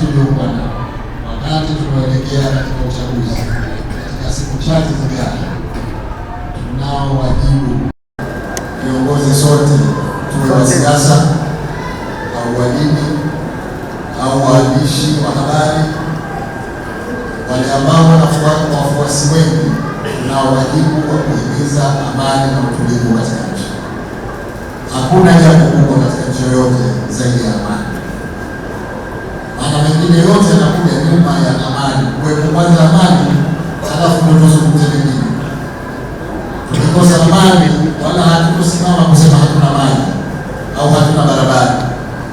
tuliokuwa wakati tunaelekea katika uchaguzi. Katika siku chache zijazo, tunao wajibu viongozi sote, tuwe wa siasa au walimu au waandishi wa habari, wale ambao wanafuata wafuasi wengi, tunao wajibu wa kuhimiza amani na utulivu katika nchi. Hakuna jambo kubwa katika nchi yoyote zaidi ya amani mengine yote yanakuja nyuma ya amani. Kuwepo kwanza amani, halafu ndio tuzungumze mengine. Tukikosa amani, wala hatukusimama kusema hatuna maji au hatuna barabara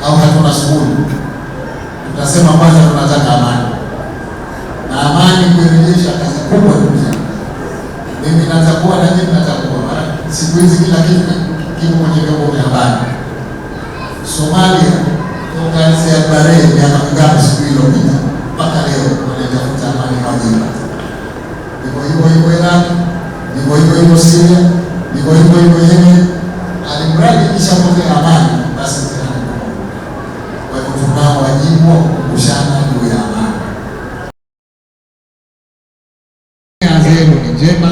au hatuna shule, tutasema kwanza tunataka amani, na amani kuirejesha kazi kubwa dunia. Mimi natakuwa na nyinyi mtakuwa, maana siku hizi kila kitu kiko kwenye vyombo vya habari. Somalia toka tarehe miaka mingapi siku iliyopita mpaka leo wanatafuta amani hawajaipata. Ndivyo hivyo hivyo Iran, ndivyo hivyo hivyo Syria, ndivyo hivyo hivyo Yemen. Alimradi ikishapotea amani, basi tena kwa hivyo tunao wajibu wa kukumbushana juu ya amani. Nia zenu ni njema,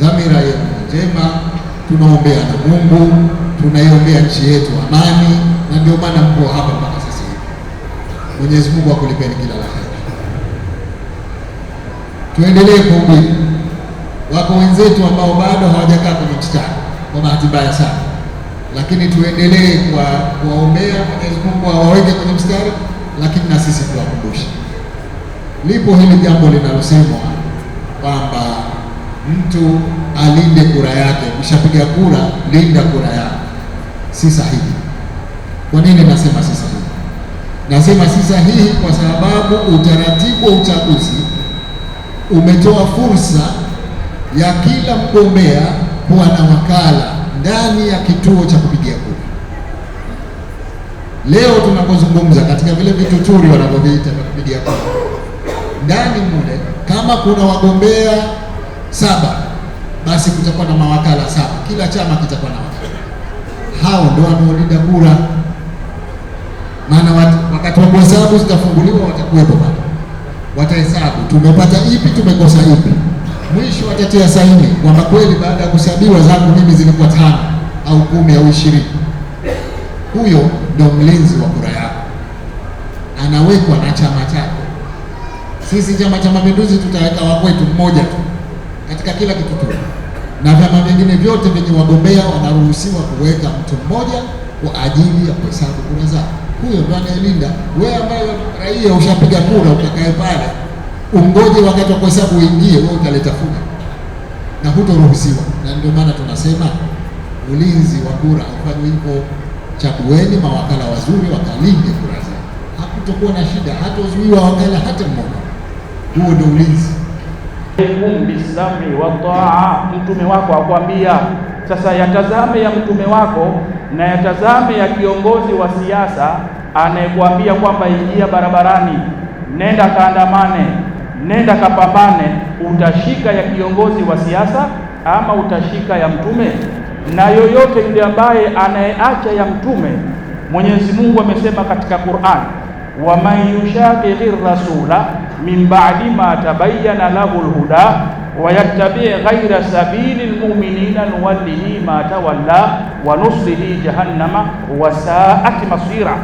dhamira yenu ni njema, tunaombea na Mungu tunaiombea nchi yetu amani, na ndio maana mko hapa mpaka sasa hivi. Mwenyezi Mungu akulipeni kila la heri. Tuendelee kuhubiri. Wako wenzetu ambao bado hawajakaa kwenye mstari kwa bahati mbaya sana, lakini tuendelee kuwaombea, Mwenyezi Mungu awaweke kwenye mstari, lakini na sisi tuwakumbushe. Lipo hili jambo linalosemwa kwamba mtu alinde kura yake. Ukishapiga kura, linda kura yako si sahihi. Kwa nini nasema si sahihi? Nasema si sahihi kwa sababu utaratibu wa uchaguzi umetoa fursa ya kila mgombea kuwa na wakala ndani ya kituo cha kupigia kura. Leo tunapozungumza katika vile vituturi wanavyoviita vya kupigia kura, ndani mule kama kuna wagombea saba, basi kutakuwa na mawakala saba, kila chama kitakuwa na hao ndio wanaolinda kura, maana wakati wa kuhesabu zitafunguliwa, watakuwepo pale, watahesabu tumepata ipi, tumekosa ipi, mwisho watatia saini kwamba kweli baada ya kusabiwa zangu mimi zilikuwa tano au kumi au ishirini. Huyo ndio mlinzi wa kura yako, anawekwa na chama chako. Sisi Chama cha Mapinduzi tutaweka wakwetu mmoja tu katika kila kitu tu na vyama vingine vyote vyenye wagombea wanaruhusiwa kuweka mtu mmoja kwa ajili ya kuhesabu kura zao. Huyo ndo anayelinda wewe, ambayo raia ushapiga kura, ukakae pale ungoje wakati wa kuhesabu uingie, wewe utaleta fuga na hutoruhusiwa. Na ndio maana tunasema ulinzi wa kura ufanywe hivyo, chagueni mawakala wazuri wakalinde kura zao, hakutokuwa na shida, hatozuiwa wakala hata mmoja. Huo ndio ulinzi bisami wa taa, mtume wako akwambia. Sasa yatazame ya mtume wako na yatazame ya kiongozi wa siasa anayekuambia kwamba ingia barabarani, nenda kaandamane, nenda kapambane. Utashika ya kiongozi wa siasa ama utashika ya mtume? Na yoyote yule ambaye anayeacha ya mtume, Mwenyezi Mungu amesema katika Qur'an, waman yushaqiqi rasula min ba'di ma tabayyana lahu alhuda wa yattabi' ghayra sabili almu'minina nuwallihi ma tawalla wa nuslihi jahannama wa sa'at masira,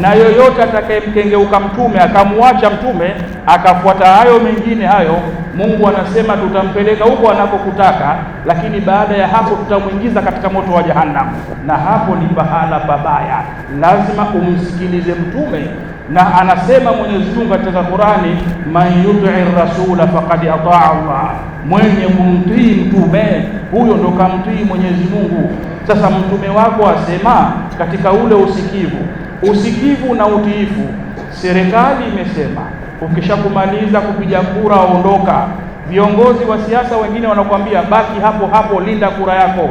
na yoyote atakayemkengeuka mtume akamwacha mtume akafuata hayo mengine hayo, Mungu anasema tutampeleka huko anapokutaka, lakini baada ya hapo tutamwingiza katika moto wa jahannam. Na hapo ni pahala pabaya, lazima umsikilize mtume na anasema Mwenyezi Mungu katika Qurani, man yutii rasula faqad ataa Allah, mwenye kumtii mtume huyo ndo kamtii Mwenyezi Mungu. Sasa mtume wako asema katika ule usikivu, usikivu na utiifu. Serikali imesema ukishakumaliza kupiga kura ondoka. Viongozi wa siasa wengine wanakuambia baki hapo hapo, linda kura yako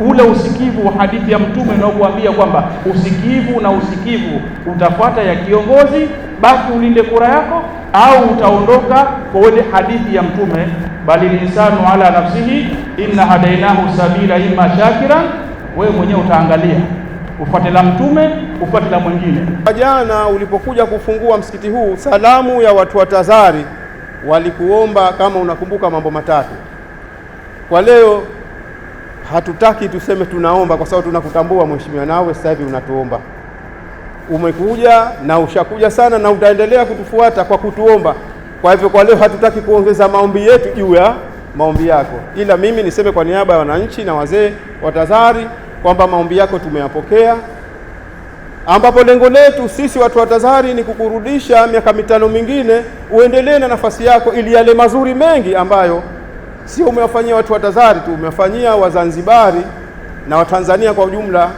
ule usikivu wa hadithi ya Mtume unaokuambia kwamba usikivu na usikivu utafuata ya kiongozi, basi ulinde kura yako au utaondoka kwa ile hadithi ya Mtume, bali linsanu ala nafsihi inna hadainahu sabila imma shakiran. Wewe mwenyewe utaangalia ufuate la Mtume, ufuate la mwingine. Jana ulipokuja kufungua msikiti huu, salamu ya watu wa Tazari walikuomba kama unakumbuka mambo matatu kwa leo hatutaki tuseme tunaomba, kwa sababu tunakutambua mheshimiwa, nawe sasa hivi unatuomba. Umekuja na ushakuja sana na utaendelea kutufuata kwa kutuomba. Kwa hivyo, kwa leo hatutaki kuongeza maombi yetu juu ya maombi yako, ila mimi niseme kwa niaba ya wananchi na wazee wa TAZARI kwamba maombi yako tumeyapokea, ambapo lengo letu sisi watu wa TAZARI ni kukurudisha miaka mitano mingine uendelee na nafasi yako, ili yale mazuri mengi ambayo sio umewafanyia watu wa Tazari tu, umewafanyia Wazanzibari na Watanzania kwa ujumla.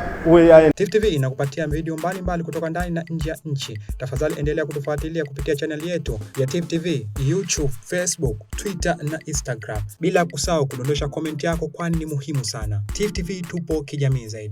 Tifu TV inakupatia video mbalimbali kutoka ndani na nje ya nchi. Tafadhali endelea kutufuatilia kupitia chaneli yetu ya Tifu TV, YouTube, Facebook, Twitter na Instagram, bila kusahau kudondosha komenti yako, kwani ni muhimu sana. Tifu TV tupo kijamii zaidi.